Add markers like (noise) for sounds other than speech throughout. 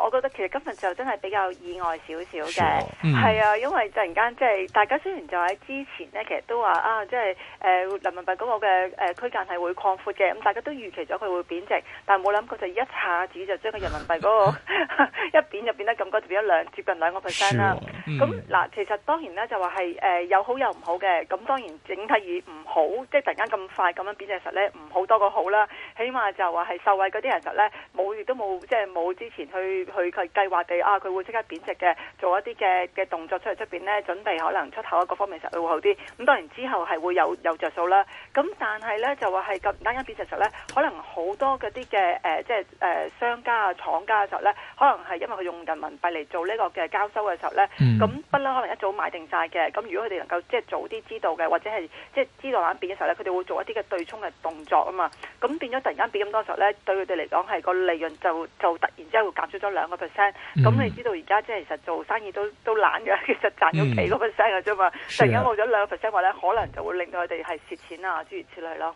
我覺得其實今日就真係比較意外少少嘅，係、sure. 啊、mm -hmm.，因為突然間即係大家雖然就喺之前咧，其實都話啊，即係誒人民幣嗰個嘅誒區間係會擴闊嘅，咁、嗯、大家都預期咗佢會貶值，但係冇諗過就一下子就將個人民幣嗰、那個 (laughs) (laughs) 一貶就貶得咁多，就貶兩接近兩個 percent 啦。咁嗱，其實當然咧就話係誒有好有唔好嘅，咁當然整體而唔好，即、就、係、是、突然間咁快咁樣貶值呢，其實咧唔好多過好啦。起碼就話係受惠嗰啲人實咧冇亦都冇即係冇之前去。佢佢計劃地啊，佢會即刻貶值嘅，做一啲嘅嘅動作出嚟出邊呢，準備可能出口啊各方面實會好啲。咁當然之後係會有有着數啦。咁但係呢，就話係咁突然間貶值嘅時候咧，可能好多嗰啲嘅誒即係誒商家啊、廠家嘅時候呢，可能係、呃呃、因為佢用人民幣嚟做呢個嘅交收嘅時候呢，咁、嗯嗯、不嬲可能一早買定晒嘅。咁如果佢哋能夠即係早啲知道嘅，或者係即係知道硬貶嘅時候呢，佢哋會做一啲嘅對沖嘅動作啊嘛。咁變咗突然間貶咁多時候呢，對佢哋嚟講係個利潤就就突然之間會減咗。咗兩個 percent，咁你知道而家即係其實做生意都都懶咗，其實賺咗幾個 percent 嘅啫嘛，突然間冇咗兩個 percent，話咧可能就會令到佢哋係蝕錢啊，諸如此類咯。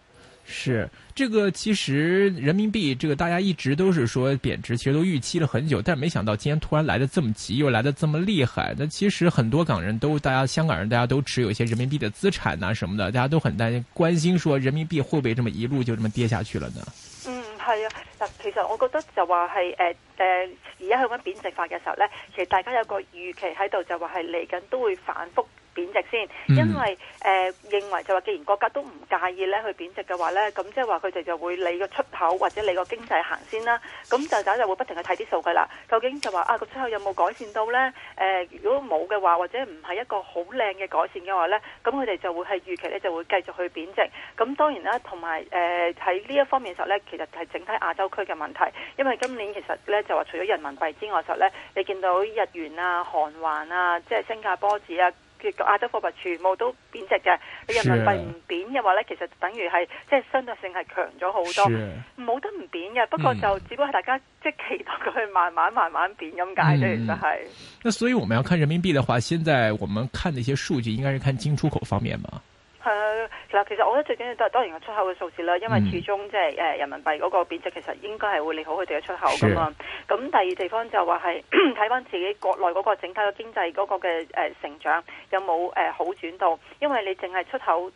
是，這個其實人民幣這個大家一直都是說貶值，其實都預期了很久，但係沒想到今天突然來得這麼急，又來得這麼厲害。那其實很多港人都，大家香港人大家都持有一些人民幣的資產啊，什麼的，大家都很擔心，關心說人民幣會不會這麼一路就這麼跌下去了呢？嗯，係啊。其實我覺得就話係誒誒而家去緊貶值法嘅時候咧，其實大家有個預期喺度，就話係嚟緊都會反覆。貶值先，因為誒、呃、認為就話，既然國家都唔介意咧去貶值嘅話咧，咁即係話佢哋就會理個出口或者理個經濟行先啦。咁就走，就會不停去睇啲數據啦。究竟就話啊個出口有冇改善到咧？誒、呃，如果冇嘅話，或者唔係一個好靚嘅改善嘅話咧，咁佢哋就會係預期咧就會繼續去貶值。咁當然啦，同埋誒喺呢一方面實咧，其實係整體亞洲區嘅問題，因為今年其實咧就話除咗人民幣之外實咧，你見到日元啊、韓圜啊、即係新加坡紙啊。佢亞洲貨幣全部都貶值嘅，你人民幣唔貶嘅話咧，其實等於係即係相對性係強咗好多，冇得唔貶嘅。不過就只不過係大家即係、嗯、期待佢慢慢慢慢貶咁解啫。其實係。那所以，我們要看人民幣嘅話，現在我們看的一些數據，應該是看進出口方面嘛。係、啊、啦，其實我覺得最緊要都係當然係出口嘅數字啦，因為始終即係誒人民幣嗰個貶值，其實應該係會利好佢哋嘅出口咁咯。咁第二地方，就話係睇翻自己國內嗰個整體嘅經濟嗰個嘅誒成長有冇誒好轉到？因為你淨係出口誒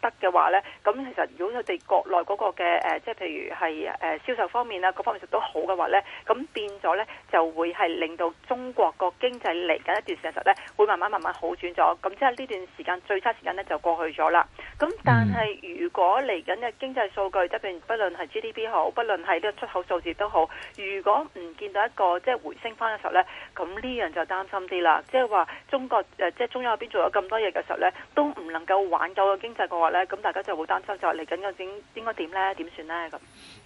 得嘅話咧，咁其實如果佢哋國內嗰個嘅誒，即係譬如係誒銷售方面啦，各方面其實都好嘅話咧，咁變咗咧就會係令到中國個經濟嚟緊一段時間實咧會慢慢慢慢好轉咗。咁即係呢段時間最差時間咧就過去咗啦。咁但係如果嚟緊嘅經濟數據，即係譬如不論係 GDP 好，不論係呢個出口數字都好，如果唔見到一個即係、就是、回升翻嘅時候呢，咁呢樣就擔心啲啦。即係話中國即係、呃就是、中央嗰邊做咗咁多嘢嘅時候呢，都唔能夠挽救個經濟嘅話呢，咁大家就會擔心，就嚟緊嘅應應該點呢？點算呢？咁。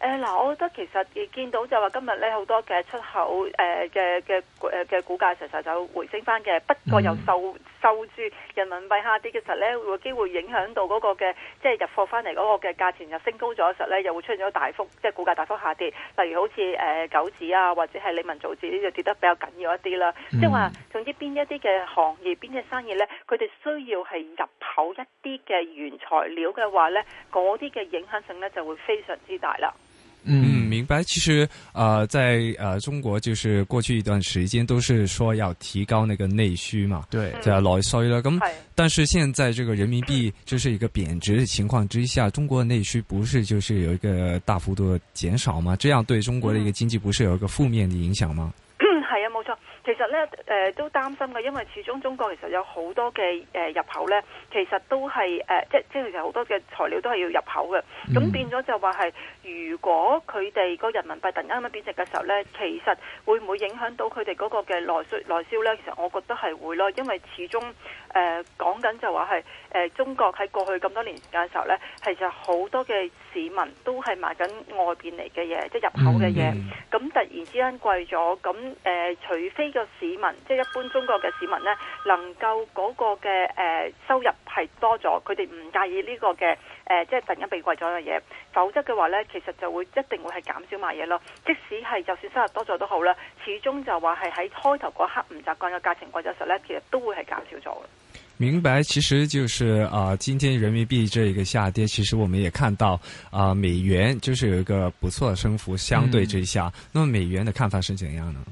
誒，嗱，我覺得其實而見到就話今日咧好多嘅出口，誒嘅嘅嘅股價實在就回升翻嘅，不過又受受住人民幣下跌嘅時候咧，會機會影響到嗰個嘅即係入貨翻嚟嗰個嘅價錢又升高咗，嘅時候咧又會出現咗大幅即係股價大幅下跌。例如好似誒、呃、九指啊，或者係李文造指呢，就跌得比較緊要一啲啦。即係話總之邊一啲嘅行業、邊嘅生意咧，佢哋需要係入口一啲嘅原材料嘅話咧，嗰啲嘅影響性咧就會非常之大啦。嗯,嗯，明白。其實，呃，在呃中國，就是過去一段時間都是說要提高那個內需嘛，對，對吧？老說要，那但是現在這個人民幣就是一個貶值的情況之下，中國的內需不是就是有一個大幅度減少嗎？這樣對中國的一個經濟不是有一個負面的影響嗎？其實咧，誒、呃、都擔心嘅，因為始終中國其實有好多嘅誒、呃、入口咧，其實都係誒、呃、即係即係其實好多嘅材料都係要入口嘅，咁、嗯、變咗就話係如果佢哋個人民幣突然間咁樣貶值嘅時候咧，其實會唔會影響到佢哋嗰個嘅內需內銷咧？其實我覺得係會咯，因為始終誒、呃、講緊就話係誒中國喺過去咁多年時間嘅時候咧，其實好多嘅市民都係買緊外邊嚟嘅嘢，即係入口嘅嘢，咁、嗯、突然之間貴咗，咁誒、呃、除非。這個、市民即係、就是、一般中國嘅市民呢，能夠嗰個嘅誒、呃、收入係多咗，佢哋唔介意呢個嘅誒即係突然間被貴咗嘅嘢，否則嘅話呢，其實就會一定會係減少買嘢咯。即使係就算收入多咗都好啦，始終就話係喺開頭嗰刻唔習慣嘅價錢貴咗時呢，其實都會係減少咗嘅。明白，其實就是啊、呃，今天人民幣這一個下跌，其實我們也看到啊、呃，美元就是有一個不錯嘅升幅，相對之下、嗯，那麼美元的看法是怎樣呢？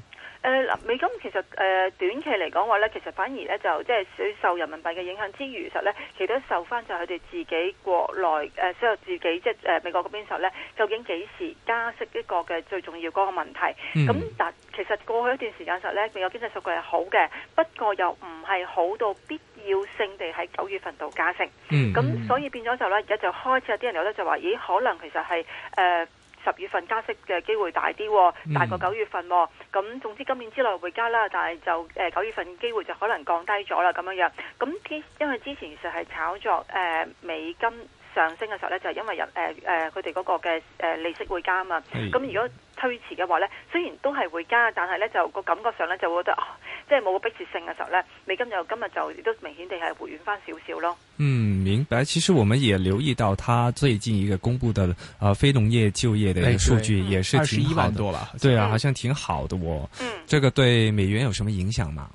美金其實誒、呃、短期嚟講話咧，其實反而咧就即係受受人民幣嘅影響之餘實呢，實咧其實都受翻就佢哋自己國內誒即係自己即係誒美國嗰邊實咧，究竟幾時加息一個嘅最重要嗰個問題。咁、嗯、但其實過去一段時間實咧，美國經濟數據係好嘅，不過又唔係好到必要性地喺九月份度加息。咁、嗯嗯、所以變咗就咧，而家就開始有啲人有咧就話，咦？可能其實係誒。呃十月份加息嘅機會大啲、嗯，大過九月份。咁總之今年之內會加啦，但係就誒九月份機會就可能降低咗啦，咁樣樣。咁因為之前其實係炒作誒、呃、美金上升嘅時候咧，就係、是、因為人誒誒佢哋嗰個嘅誒利息會加啊嘛。咁如果推遲嘅話咧，雖然都係會加，但係咧就個感覺上咧就會覺得，哦、即係冇個逼切性嘅時候咧，美金今就今日就亦都明顯地係回軟翻少少咯。嗯，明白。其實我們也留意到，他最近一個公布的啊、呃、非農業就業嘅一個數據，也是二十一萬多啦。對啊，好像挺好的喎。嗯，這個對美元有什麼影響嗎？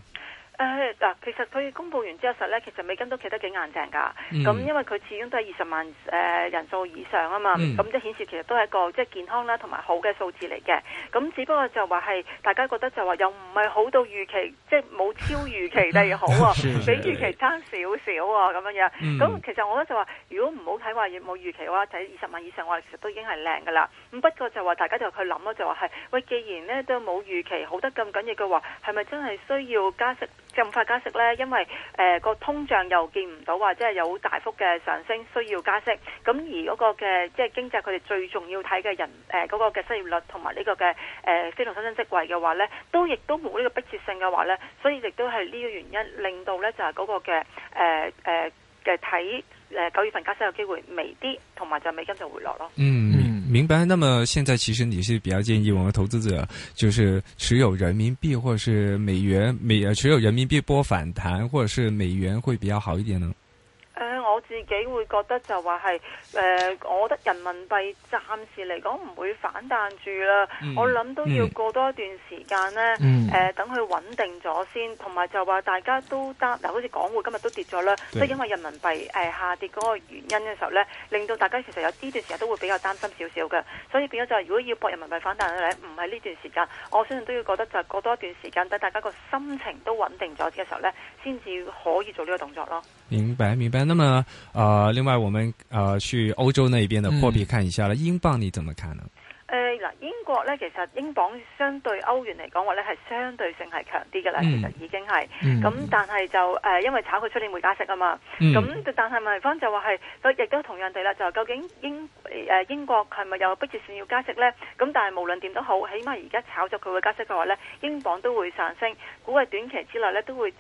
嗱，其實佢公佈完之後實呢，實咧其實美金都企得幾硬淨㗎。咁、嗯、因為佢始終都係二十萬誒、呃、人數以上啊嘛，咁即係顯示其實都係一個即係、就是、健康啦，同埋好嘅數字嚟嘅。咁只不過就話係大家覺得就話又唔係好到預期，即係冇超預期，但係好啊， (laughs) 比預期差少少啊，咁樣樣。咁、嗯、其實我覺得就話，如果唔好睇話，冇預期嘅話，睇二十萬以上話，話其實都已經係靚㗎啦。咁不過就話大家就去諗咯，就話係喂，既然呢都冇預期，好得咁緊要嘅話，係咪真係需要加息？就唔快加息咧，因為誒個、呃、通脹又見唔到，或者係有大幅嘅上升，需要加息。咁而嗰個嘅即係經濟，佢哋最重要睇嘅人誒嗰、呃嗰個嘅失業率、呃、同埋呢個嘅誒非農新增職位嘅話咧，都亦都冇呢個迫切性嘅話咧，所以亦都係呢個原因令到咧就係嗰個嘅誒嘅睇誒九月份加息嘅機會微啲，同埋就美金就回落咯。嗯。明白。那麼現在，其實你是比較建議我們投資者就是持有人民幣，或者是美元美，持有人民幣波反彈，或者是美元會比較好一點呢？我自己會覺得就話係誒，我覺得人民幣暫時嚟講唔會反彈住啦。我諗都要過多一段時間呢，誒、嗯呃、等佢穩定咗先。同埋就話大家都得嗱，好、呃、似港匯今日都跌咗啦，都因為人民幣誒、呃、下跌嗰個原因嘅時候呢，令到大家其實有呢段時間都會比較擔心少少嘅。所以變咗就係，如果要博人民幣反彈咧，唔係呢段時間，我相信都要覺得就係過多一段時間，等大家個心情都穩定咗嘅時候呢，先至可以做呢個動作咯。明白，明白嘛，咁啊。呃，另外我們呃去歐洲那邊的貨幣看一下了，嗯、英鎊你怎麼看呢？嗱，英國咧，其實英鎊相對歐元嚟講話咧係相對性係強啲嘅啦，其、嗯、實已經係咁、嗯嗯，但係就誒、呃、因為炒佢出年會加息啊嘛，咁、嗯、但係問題方就話係亦都同樣地啦，就究竟英、呃、英國係咪有逼住線要加息咧？咁但係無論點都好，起碼而家炒咗佢會加息嘅話咧，英鎊都會上升，估計短期之內咧都會朝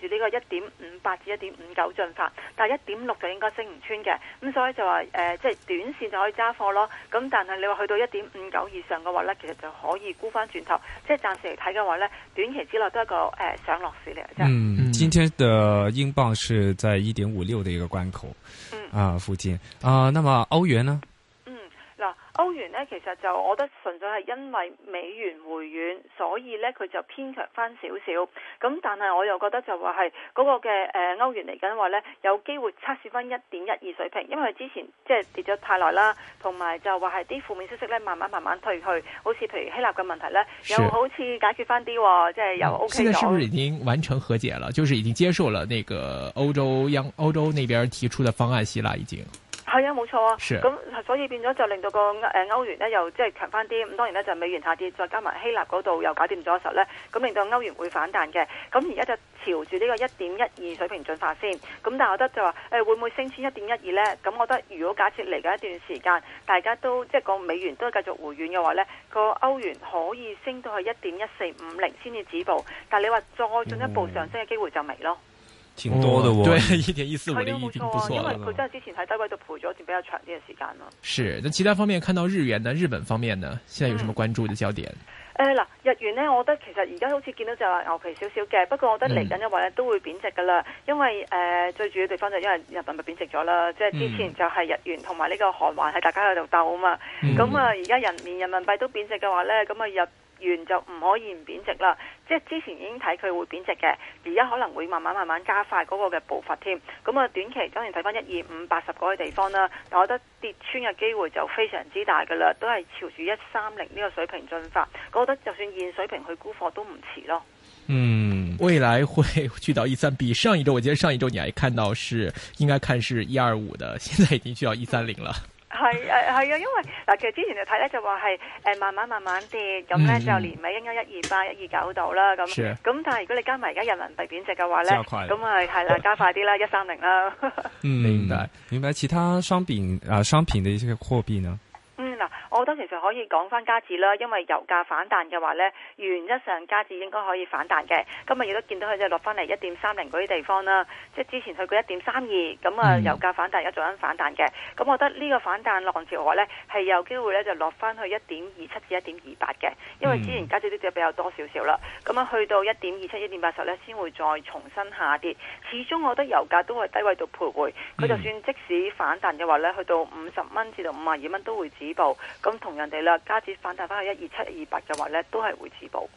住呢個一點五八至一點五九進發，但係一點六就應該升唔穿嘅，咁所以就話即係短線就可以揸貨咯。咁但係你話去到一點五九以上嘅話咧，其實就可以沽返轉頭，即係暫時嚟睇嘅話咧，短期之內都係一個誒、呃、上落市嚟。嗯，今天的英鎊是在一點五六嘅一個關口，嗯、啊附近啊，那麼歐元呢？歐元呢，其實就我覺得純粹係因為美元回軟，所以呢，佢就偏強翻少少。咁但係我又覺得就話係嗰個嘅誒、呃、歐元嚟緊話呢，有機會測試翻一點一二水平，因為之前即係跌咗太耐啦，同埋就話係啲負面消息呢，慢慢慢慢退去，好似譬如希臘嘅問題呢，又好似解決翻啲，即係又 OK 咗、嗯。現在是不是已經完成和解啦？就是已經接受了那個歐洲央歐洲那邊提出的方案，希臘已經。係啊，冇錯啊，咁所以變咗就令到、那個誒、呃、歐元呢又即係強翻啲，咁當然呢，就是、美元下跌，再加埋希臘嗰度又搞掂咗嘅時候呢，咁令到歐元會反彈嘅，咁而家就朝住呢個一點一二水平進發先，咁但係我覺得就話誒、欸、會唔會升穿一點一二呢？咁我覺得如果假設嚟緊一段時間大家都即係個美元都繼續回軟嘅話呢，個歐元可以升到去一點一四五零先至止步，但係你話再進一步上升嘅機會就未咯。嗯。挺多的，哦、對一點一四，我覺得已經不錯，因為佢真係之前喺低位度賠咗段比較長啲嘅時間咯。是，但其他方面，看到日元呢，日本方面呢，現在有什麼關注嘅焦點？誒、嗯、嗱、呃，日元呢，我覺得其實而家好似見到就係牛皮少少嘅，不過我覺得嚟緊嘅話咧都會貶值噶啦，因為誒、呃、最主要地方就因為人民幣貶值咗啦、嗯，即係之前就係日元同埋呢個韓元喺大家喺度鬥啊嘛，咁、嗯、啊而家人面人民幣都貶值嘅話咧，咁啊日。完就唔可以唔貶值啦，即係之前已經睇佢會貶值嘅，而家可能會慢慢慢慢加快嗰個嘅步伐添。咁啊，短期當然睇翻一、二、五、八十嗰啲地方啦，但我覺得跌穿嘅機會就非常之大噶啦，都係朝住一三零呢個水平進發。我覺得就算現水平去沽貨都唔遲咯。嗯，未來會去到一三，比上一周，我記得上一周你係看到是應該看是一二五的，現在已經去到一三零了。嗯係誒係啊，因為嗱，其實之前看呢就睇咧就話係誒慢慢慢慢跌，咁咧、嗯、就年尾應該一一二八、一二九度啦，咁咁但係如果你加埋而家人民幣貶值嘅話咧，咁咪係啦，加快啲啦，一三零啦。 (laughs) 明白明白，其他商品啊商品嘅一啲嘅貨幣呢？我覺得其實可以講返加字啦，因為油價反彈嘅話呢，原則上加字應該可以反彈嘅。今日亦都見到佢就落返嚟一點三零嗰啲地方啦，即係之前去過一點三二，咁啊油價反彈而家做緊反彈嘅。咁我覺得呢個反彈浪潮嘅話咧，係有機會呢就落翻去一點二七至一點二八嘅，因為之前加字都只比較多少少啦。咁啊去到一點二七、一點八十呢，先會再重新下跌。始終我覺得油價都會低位度徘徊，佢就算即使反彈嘅話呢，去到五十蚊至到五啊二蚊都會止步。咁同人哋啦，加至反彈翻去一二七二八嘅話咧，都係會止步。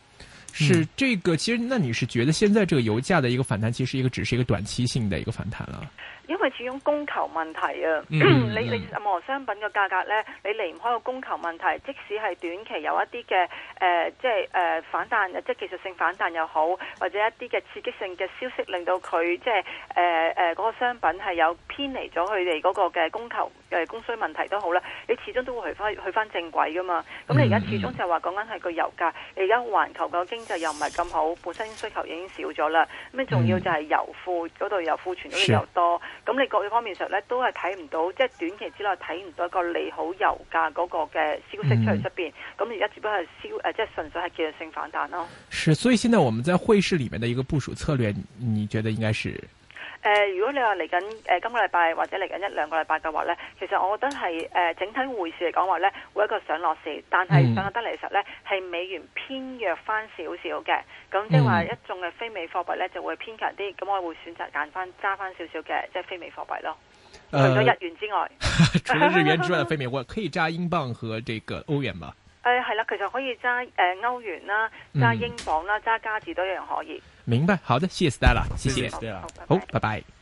是這個，其實那你是覺得現在這個油價的一個反彈，其實一個只是一個短期性的一個反彈啦、啊。因為始終供求問題啊，嗯嗯、你你任何商品嘅價格咧，你離唔開個供求問題。即使係短期有一啲嘅誒，即係誒、呃、反彈，即係技術性反彈又好，或者一啲嘅刺激性嘅消息令到佢即係誒誒嗰個商品係有偏離咗佢哋嗰個嘅供求。又供需問題都好啦，你始終都會去回翻去翻正軌噶嘛。咁你而家始終就係話講緊係個油價，嗯，你而家環球個經濟又唔係咁好，本身需求已經少咗啦。咁啊，仲要就係油庫嗰度油庫存嗰度又多，咁你各方面上咧都係睇唔到，即係短期之內睇唔到一個利好油價嗰個嘅消息出嚟側邊。咁而家只不過係消誒，即係純粹係技術性反彈咯。是，所以現在我們在匯市裡面的一個部署策略，你覺得應該是？誒、呃，如果你話嚟緊誒今個禮拜或者嚟緊一兩個禮拜嘅話咧，其實我覺得係誒、呃、整體匯市嚟講話咧會一個上落市，但係上落得嚟實咧係美元偏弱翻少少嘅。咁即係話一眾嘅非美貨幣咧就會偏強啲，咁、嗯、我會選擇揀翻揸翻少少嘅即係非美貨幣咯。呃、除咗日元之外，除了日元之外嘅 (laughs) 非美，我可以揸英鎊和這個歐元嘛？誒、嗯，係啦，其實可以揸誒歐元啦，揸英鎊啦，揸加字都一樣可以。明白，好的，謝謝 Stella，謝謝好，好，拜拜。拜拜。